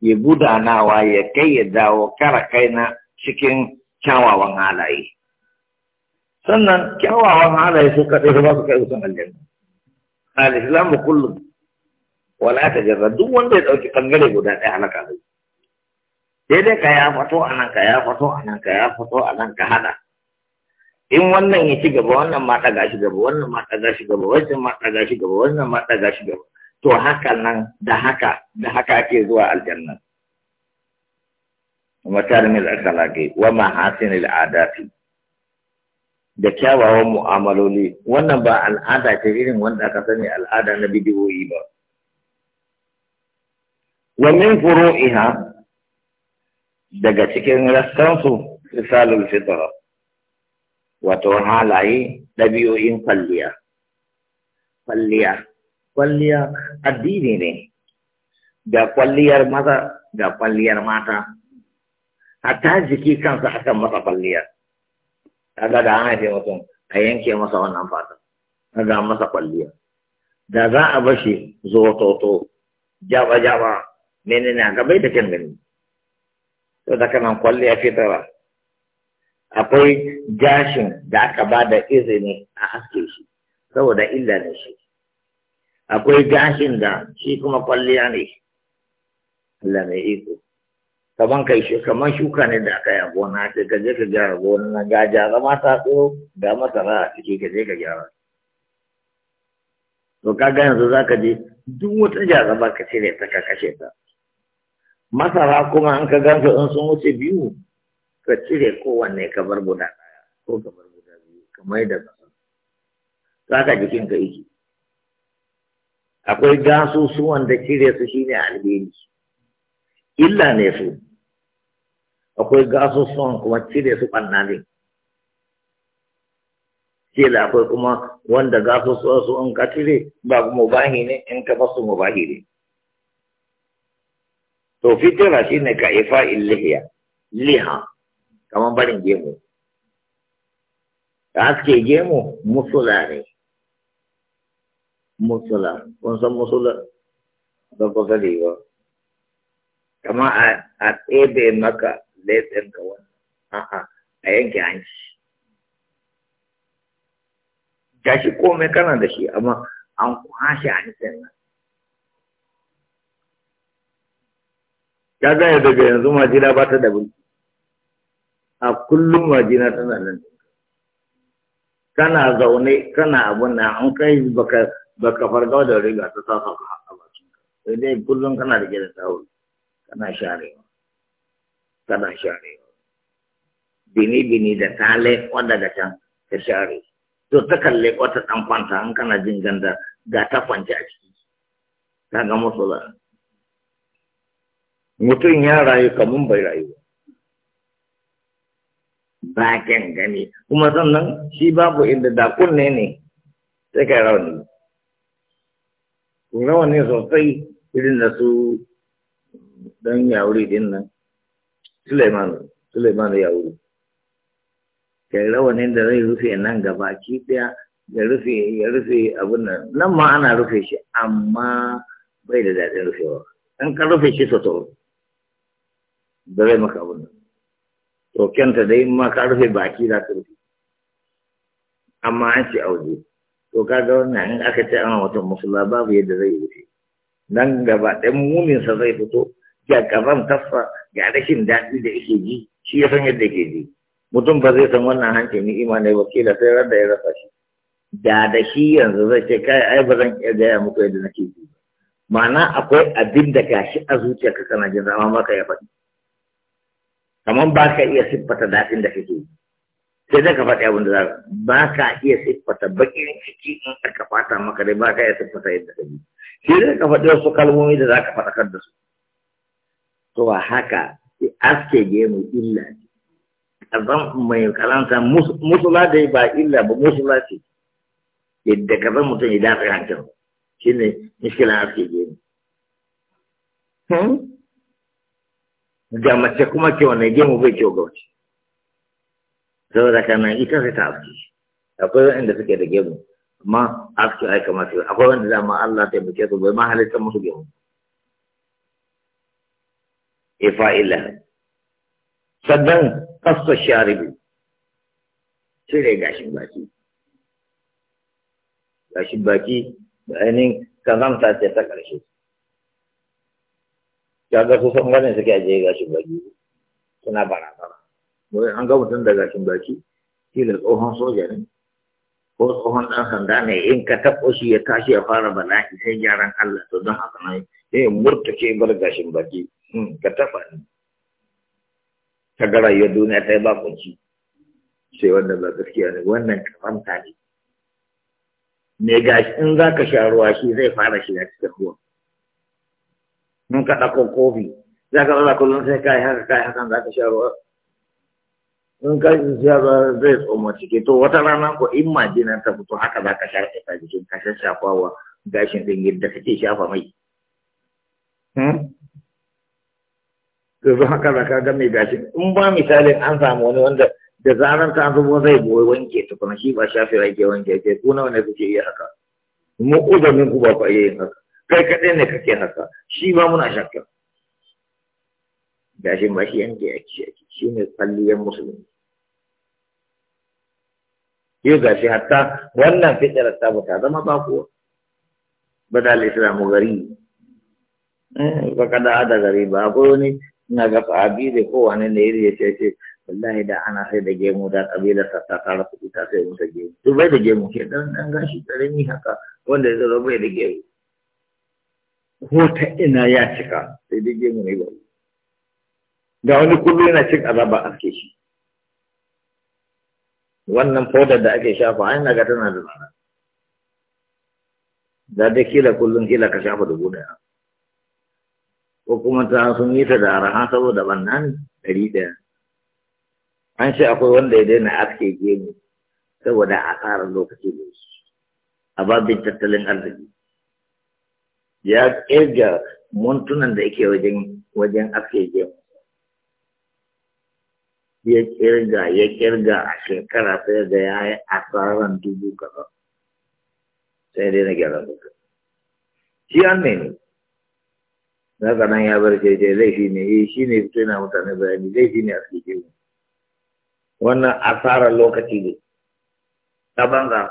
ya gudanawa ya kai ya dawo kara kaina cikin kyawawan halaye sannan kyawawan halaye su kaɗai su ba su kai wutan aljanna al-islamu kullum wala ta jarra duk wanda ya ɗauki ɓangare guda ɗaya halaka zai Daidai ka ya fato a nan ka ya fato a nan ka ya fato a nan ka haɗa in wannan ya ci gaba wannan ma ɗaga shi gaba wannan ma ɗaga shi gaba wannan ma ɗaga shi gaba wannan ma ɗaga shi gaba to haka nan da haka da haka ake zuwa aljanna tarmil akhlaqi wa mahasinil adati da kyawawan mu'amaloli wannan ba al'ada ce irin wanda aka sani al'ada na bidiyoyi ba wa min furu'iha daga cikin rassansu risalul fitra wato halaye ɗabi'o'in kwalliya kwalliya kwalliya addini ne ga kwalliyar maza ga kwalliyar mata hatta jiki kansa akan masa kwalliyar kaga da an haife mutum a yanke masa wannan fata kaga masa kwalliya da za a bashi zototo jaba jaba menene a gabai da kyan gani to da kanan kwalliya fitara akwai gashin da aka ba da izini a haske shi saboda illa ne shi akwai gashin da shi kuma kwalliya ne Allah mai iko kaman kai shi kaman shuka ne da aka yi a gona sai ka je ka gyara gona na gaja zama ta tsoro ga masara a ciki ka je ka gyara to ka ga yanzu zaka je duk wata gyara ka cire ta ka kashe ta masara kuma an ka gansu in sun wuce biyu ka cire kowanne ka bar guda ɗaya ko ka bar guda biyu ka mai da ka saka jikin ka iki akwai gasusuwan da cire su shine alheri illa ne su akwai gasusuwan kuma cire su ɓanna ne kila akwai kuma wanda gasusuwan su in ka cire ba mubahi ne in ka basu mubahi ne to fitira shine ka ifa illihiya liha kamar barin gemu da haske gemu musula ne musula kung san musula ba ku sani ba kama a tsebe maka and ka wani a'a a yanke hanci gashi komai kana da shi amma an kwashe hancin nan ya gaya daga yanzu majina ba ta da bulki a kullum majina tana nan kana zaune kana abun nan an kai baka ba ka farga da riga ta saka ka haka ba sai dai kullum kana da gidan tawul kana sharewa kana sharewa bini bini da ta wanda daga can ta share to ta kalle wata dan kwanta an kana jin ganda ga ta kwanta a ciki ta ga musu ba mutum ya rayu kamun bai rayu ba bakin gani kuma sannan shi babu inda da kunne ne sai kai rauni rawa ne sosai irin da su dan yawuri din nan Suleiman Suleiman yawuri kai rawanin da zai rufe nan gaba ki daya ya rufe ya rufe abin nan nan ma ana rufe shi amma bai da daɗin rufewa an ka rufe shi to da zai maka abin nan to kyanta dai ma ka rufe baki za ka rufe amma an ce auje to ga wannan in aka ce ana mutum musulma babu yadda zai wuce Nan gaba ɗan muminsa zai fito ga kazan tafa ga rashin daɗi da yake ji shi ya san yadda ke ji mutum ba zai san wannan hanci ni'ima ne wakila sai ran da ya rasa shi da da shi yanzu zai ce kai ai ba zan iya gaya muku yadda nake ji ma'ana akwai abin da shi a zuciyarka kana jin zama maka ya faɗi kamar ba ka iya siffata daɗin da kake yi sai zaka faɗi abin da za ba ka iya siffata baƙin ciki in aka fata maka dai ba ka iya siffata yadda ka yi sai dai ka faɗi wasu kalmomi da za ka faɗakar da su to a haka aske gemu illa ne azan mai karanta musula dai ba illa ba musula ce yadda ka zan mutum idan ka hankali shi ne mishkilan aske gemu hmm? da mace kuma ke wannan gemu bai kyau ga wace saboda kana ita sai ta afki akwai wanda suke da gemu amma afki ai kamar su akwai wanda ma Allah ta buke su bai ma halitta musu gemu ifa illa. sannan qasta sharibi cire gashin baki gashin baki da ainihin kazanta ce ta karshe, ƙarshe ga kusan wannan suke ajiye gashin baki suna barazana wai an ga mutum da gashin baki Shi da tsohon soja ne ko tsohon ɗan sanda ne in ka taɓo shi ya tashi ya fara bala'i sai gyaran Allah to don haka nan sai murtace bar gashin baki hmm, ka taɓa ne. ta ga rayuwar duniya ta yi ba kunci sai wanda ba gaskiya ne wannan kafanta ne me gashi in za ka sha ruwa shi zai fara shiga cikin ruwa mun ka ɗauko kofi za ka ɗauka kullum sai ka yi haka ka yi hakan za ka sha ruwa in ka siya zai tsoma ciki to wata rana ko in majina ta fito haka za ka shafe ta jikin ka wa gashin din yadda kake shafa mai hmm? yanzu haka za ka ga mai gashin in ba misalin an samu wani wanda da zaran ta zubo zai boye wanke kuma shi ba shafe yake wanke ke ku nawa ne kuke iya haka mu uzamin ku ba ku iya yin haka kai kaɗai ne kake haka shi ba muna shakka gashin ba shi yanke yake shi ne tsalliyar musulmi yau ga shi hatta wannan fitirar ta ba ta zama ba kuwa eh, da lisa islamu gari ba ka da ada gari ba ko ne na ga sahabi da kowane ne iri ya ce ce wallahi da ana sai da gemu da kabilar ta ta tara kuɗi ta sai musa gemu to bai da gemu ke dan dan gashi karami haka wanda ya zo bai da gemu ko ta ina ya cika sai da gemu ne ba ga wani kullu yana cika azaba a ke shi wannan fodar da ake shafa an naga tana da tsada da dai kila kullum kila ka shafa dubu daya ko kuma ta sun yi ta da araha saboda bannan dari daya an ce akwai wanda ya daina aske gemu saboda a tsara lokaci da su a babin tattalin arziki ya ƙirga muntunan da yake wajen wajen aske gemu ya kirga ya kirga a shekara sai da ya yi asaran dubu kaza sai dai na gyara duka shi an ne ne ka nan ya bar jeje laifi ne eh, shi ne fito yana mutane bayani laifi ne a cikin wannan asarar lokaci ne ta banza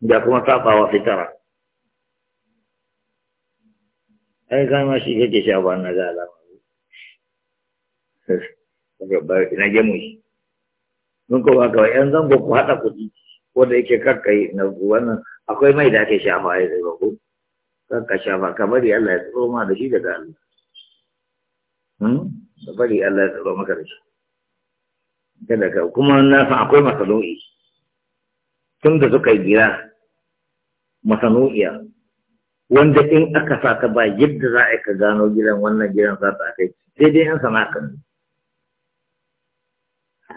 da kuma sabawa fitara ai kama shi kake sha ba na ga alama je mu mun ko ba kawai yan zango ku haɗa kuɗi ko da yake kakkai na wannan akwai mai da ake shafa ya zai ba ku kakka shafa ka bari Allah ya tsoro ma da shi daga Allah hmm? ka bari Allah ya tsoro maka da shi kada ka kuma na san akwai masanu'i tun da suka yi gira masanu'iya wanda in aka sa ta ba yadda za a ka gano gidan wannan gidan za ta kai sai dai an sana'a kan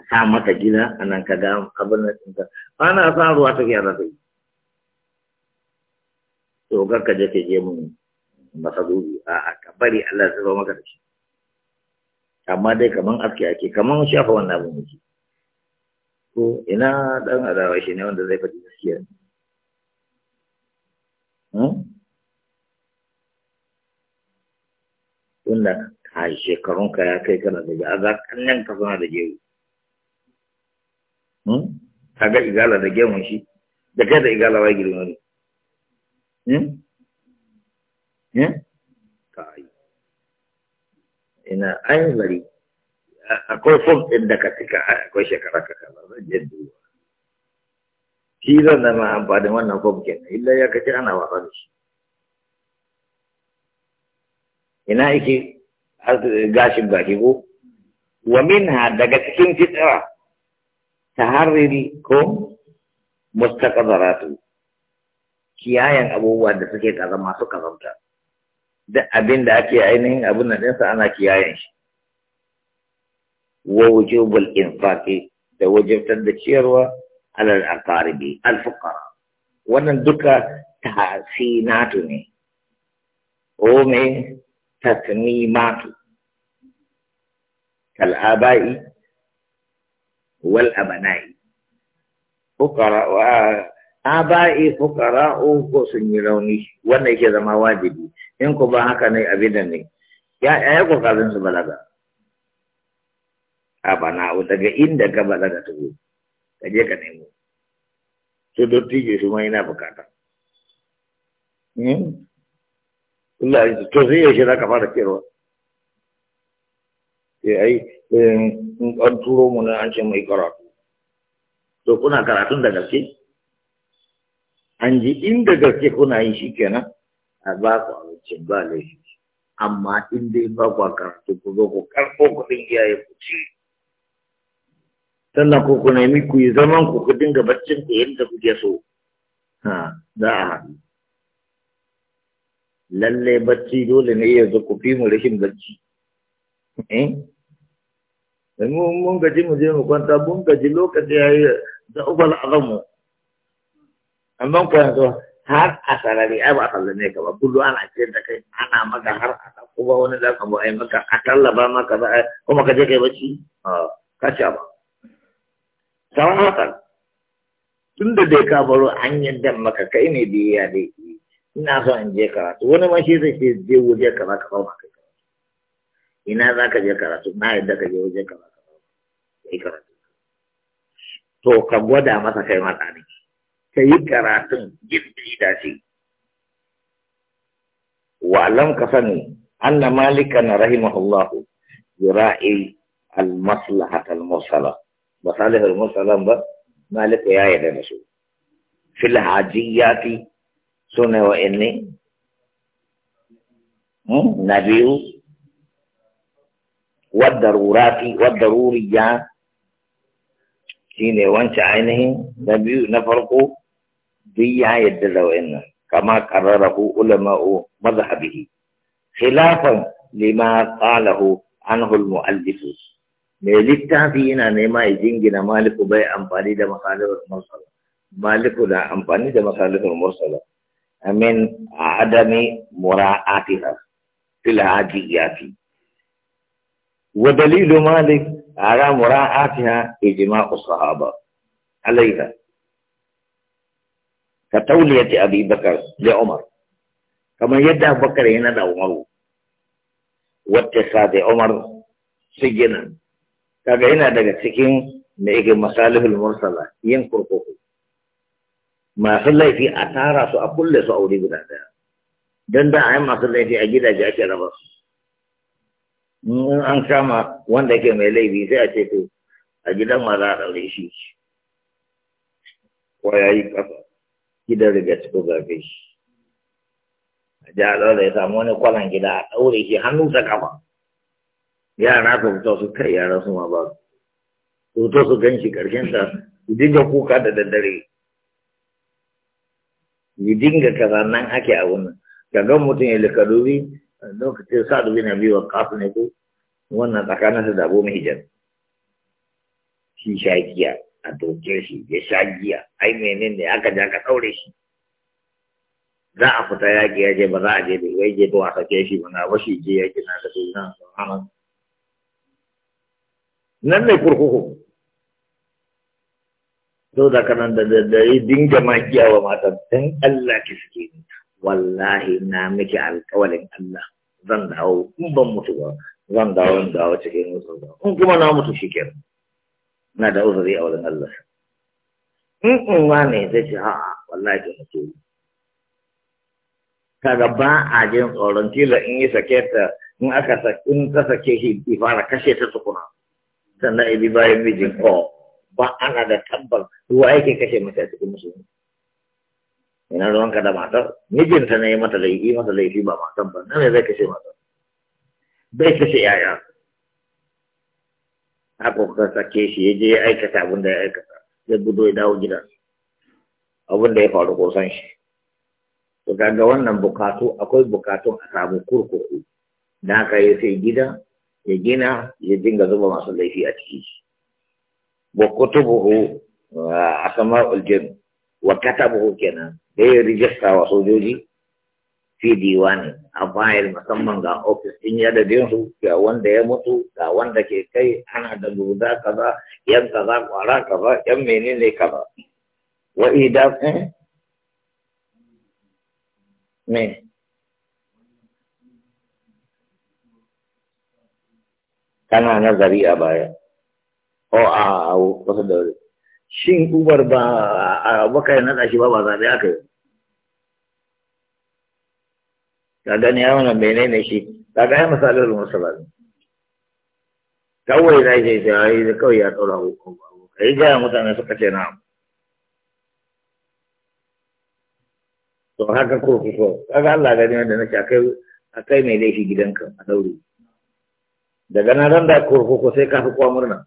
sa mata gida a nan ka ga abin da ɗinka ana sa ruwa ta fiya ta yi to kar ka je ka je mun masa dubi a ka bari Allah zai maka da shi amma dai kaman aski ake kaman shafa wannan abin yake ko ina dan adawa shi ne wanda zai faɗi gaskiya hmm? tunda a shekarunka ya kai kana da ga za ka nan suna da jeri. Hmm? kaga igala da gemun shi da kai da igala wa girma ne hmm? Hmm? ina ayin gari akwai fom ɗin da ka cika akwai shekara ka kaza zan je duba shi zan da ma amfani wannan fom kenan illa ya kace ana wasa da shi ina yake gashin baki ko wa minha daga cikin fitara taharriri ko mustaqadaratu kiyayen abubuwa da suke kaza masu kazanta da abin da ake ainihin abin nan ɗinsa ana kiyayen shi wa wujubul infaqi da wajibtar da ciyarwa alal aqaribi al fuqara wannan duka tahsinatu ne o me tatmimatu kal abai wal abana'i fukara wa aba'i fuqara'u ko sun yi rauni wannan yake zama wajibi in ku ba haka ne abin ne ya ya ku kafin su balaga abana'u daga inda ka balaga to ka je ka nemo su dottijo su mai na bukata hmm? Allah ya to ya shi da ka fara cewa sai ai eh, in an turo mu na an ce mai karatu to kuna karatun da gaske an ji inda gaske kuna yin shi kenan a ba ku abincin ba laifi amma in dai ba ku karatu ku zo ku karɓo kuɗin iyaye ku ci sannan ku ku nemi ku yi zaman ku ku dinga baccin ku yadda kuke so ha za a haɗu lalle bacci dole ne yanzu ku fi mu rashin bacci eh? mun gaji mu je mu kwanta mun gaji lokaci ya yi da ubal azamu amma ku har a sarari ai ba a sallame ka ba kullu ana ce da kai ana maka har a ɗauko ba wani za ka bu ai maka a tallaba maka ba ai kuma ka je kai bacci ka ci ba sauran haka tun da dai ka baro an yadda maka kai ne biya dai ina so in je karatu wani ma shi zai ce je waje kaza ka maka ina za ka je karatu na yadda ka je wajen ka ba yi karatu to ka gwada masa kai mata ka yi karatun gindi da shi wa alam ka sani anna malika na rahimahullah yi al maslahat al musala masalih al musala ba malika ya yi da su fil hajiyati sunewa inni hmm? na biyu والضرورات والضرورية كين وانس عينه نبي نفرق ديا يدلو إن كما قرره علماء مذهبه خلافا لما قاله عنه المؤلف ملتا فينا نما يجينا مالك بي أمباني دا مخالف المرسل مالك دا أمباني دا مخالف المرسل من عدم مراعاتها في العاجيات ودليل مالك على مراعاتها اجماع الصحابه عليها كتولية ابي بكر لعمر كما يدعى بكر هنا عمر واتخاذ عمر سجنا كاغينا دغ سكين ميغ مصالح المرسله ينكر ما في في اثار سو اقول سو اوري غدا دندا اي ما في في اجي دا جاكي in an kama wanda yake mai laifi sai a ce to a gidan ma za a shi ko ya yi ƙasa gidan riga ciko gafe shi a ji a ya samu wani kwanan gida a ɗaure shi hannu ta kafa yara su fito su kai yara su ma ba su fito su gan shi ƙarshen ta su dinga kuka da daddare su dinga kaza nan ake a wannan ka ga mutum ya lika dubi lokacin sa'ad bin abi waqqas ne ko wannan tsakanin da abu mai hijab shi sha giya a doke shi ya sha giya ai menene ne aka ja ka daure shi za a fita yaƙi ya je ba za a je da wai je to a shi ba na washi je yaƙi na da duniya subhanan nan ne kurkuku to da kanan da da dinga makiya wa matan dan Allah ki suke ni wallahi na miki alƙawarin Allah zan dawo in ban mutu ba zan dawo in dawo cikin mutu ba in kuma na mutu shi ke na da uzuri a wurin Allah in in ma ne zai ce ha wallahi ke mutu kaga ba a jin tsoron kila in yi sake ta in aka in ta sake shi bi fara kashe ta tukuna sannan ibi bayan mijin ko oh, ba ana da tabbar ruwa yake kashe a cikin musulmi ina ruwanka da matar mijinta ne mata laifi mata laifi ba matan ba nan zai kashe matar bai kashe yaya haka kuka sake shi ya je ya aikata abin da ya aikata zai gudu ya dawo gida abin da ya faru ko san shi to kaga wannan bukatu akwai bukatun a samu kurkuku da haka ya sai gida ya gina ya dinga zuba masu laifi a ciki wa a asma'ul jinn wa katabuhu kenan da ya rijista wa sojoji fi diwani a bayan musamman ga ofis din ya da su ga wanda ya mutu ga wanda ke kai ana da guda kaza yan kaza kwara kaza yan menene kaza wa ida eh? me kana nazari a baya o a wasu da shin ubar ba a bakai na shi ba ba zaɓe aka yi ka gani ya wannan menene shi ka ga ya misalin ba kawai zai ce ta yi kawai ya tsora hukum ka yi gaya mutane suka ce na to haka ko kaga Allah gani wanda na ce akai akai mai laifi gidanka a daure daga nan ran da ko sai ka fi kwa murna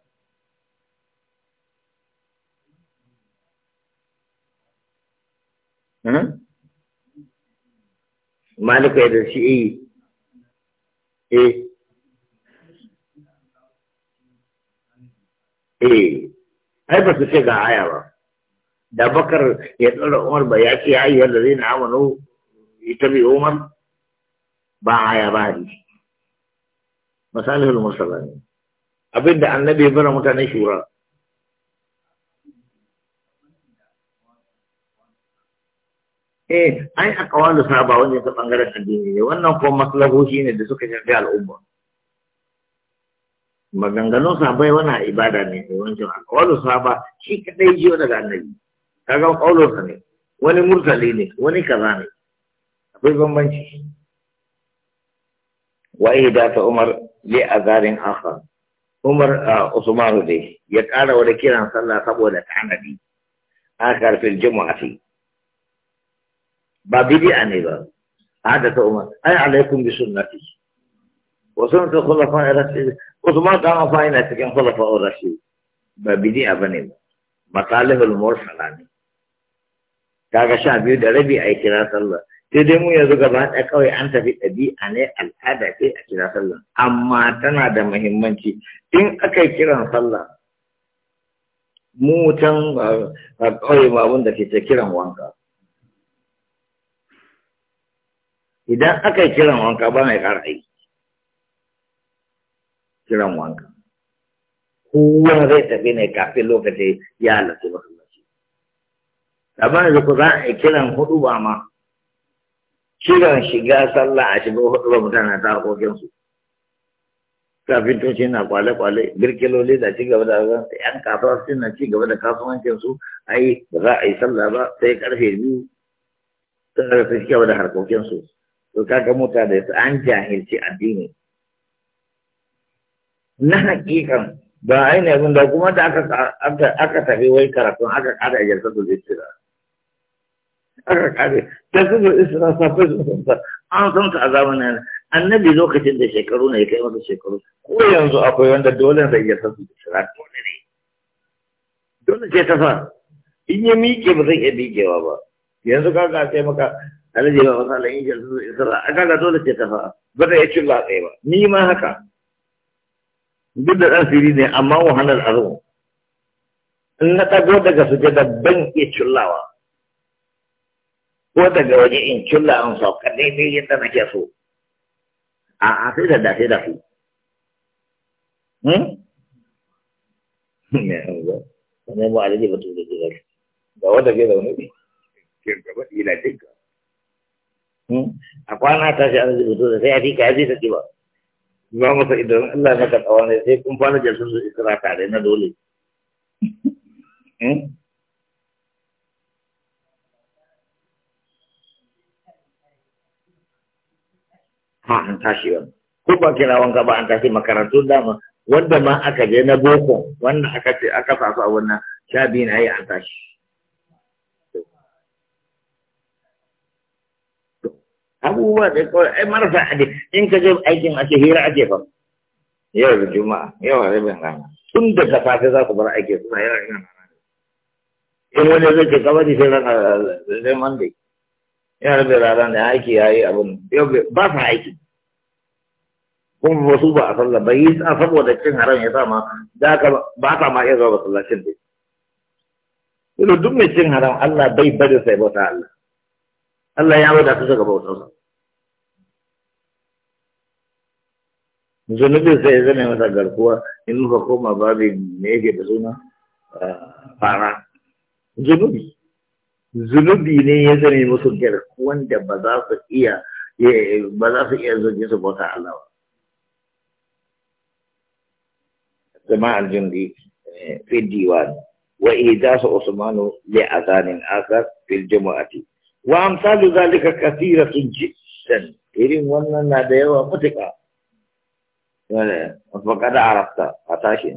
malika ya shi yi eh. eh eh ai ba su ce ga aya ba da bakar ya tsara umar ba ya ce ayi wanda zai na amano ita bi umar ba aya ba hadisi Masalihul musulmi abinda annabi ya bara mutane shura eh ai a kawalu saba wani ta bangaren addini ne wannan ko shi ne da suka shafi al'umma maganganun sabai wannan ibada ne ne wancan kawalu saba shi kadai jiyo daga annabi ga kawalu ne wani Murtali ne wani kaza ne akwai bambanci wa ta umar li azarin akhar umar usmanu dai ya kara wani kiran sallah saboda tanadi akar fil jumu'ati ba bid'a ne ba hada ta umar ai alaikum bi sunnati wa sunnati khulafa ar-rashid Usman dan Affan yana cikin khulafa ar-rashid ba bid'a bane ba masalihul mursala ne kaga sha biyu da rabi ai kira sallah sai dai mu yanzu gaba ɗaya kawai an tafi ɗabi'a ne al'ada ce a kira sallah amma tana da muhimmanci in aka kiran sallah mu can kawai babun da ke ce kiran wanka idan aka yi kiran wanka ba mai ƙara aiki kiran wanka kowa zai tafi ne kafin lokaci ya halarci masallaci amma da ku za a yi kiran hudu ba ma kiran shiga sallah a shiga hudu ba mutane ta harkokinsu kafintoci na kwale-kwale birkiloli da ci gaba da zan yan kasuwa su na ci gaba da kasuwancin su ba za a yi sallah ba sai karfe biyu ta su ci gaba da harkokin su to kaga mutane su an jahilci addini na hakikan ba yanzu da kuma da aka tafi wai karatun aka kada ajarta da zikira aka da su da isra safai sun san an san ta a zamanin annabi lokacin da shekaru ne kai masa shekaru ko yanzu akwai wanda dole zai ya san su isra ko ne dole ce ta fa in ya miƙe ba zai iya miƙewa ba yanzu kaga sai maka alaji ba wasa lan yake su isra aka ga dole ce ta fa ba da yake la tsaye ba ni ma haka duk da dan siri ne amma wahalar azu in na tago daga sujada ban ke cullawa ko daga waje in culla an sau sauka daidai yadda nake so a sai da da sai da su ne ba a daji ba to da da wanda ke zaune ne ke gaba ila dinka Hmm? a kwana ta shi an zubuto da sai ya fi ka ya fi ba ba masa idan Allah maka tsawa ne sai kun fara jalsun su isra tare na dole hmm? ha an tashi wani ko ba kira wanka ba an tashi makarantun dama wanda ma aka je na boko wanda aka ce aka fasu a wannan sha biyu na yi an tashi abubuwa da kawai ai marasa ade in ka je aikin ake hira ake fa yau da juma'a yau da rabin rana tun da ka safe za ku bar aiki suna yau da rana in wani zai ke ce da shirin a zai monday yau rabin rana da aiki ya yi abin yau ba sa aiki kun ba su ba a sallah ba yi sa saboda cin haram ya sa ma da ka ba sa ma iya zuwa masallacin dai Ilo duk mai cin haram Allah bai bari sai bauta Allah. Allah ya wadata su ga bautarsa. zunubin sai ya zama masa garkuwa in muka koma babin me yake da suna ah, fara zunubi zunubi ne ya zama musu garkuwan da ba za su iya ba za su iya zoje su bauta Allah ba zama aljindi eh, fi wa wa ihdasu usmanu li azanin akhar fil jumu'ati wa amsalu zalika kathiratun jiddan irin wannan na da yawa mutuka Dole, ba kada a rafta a tashi.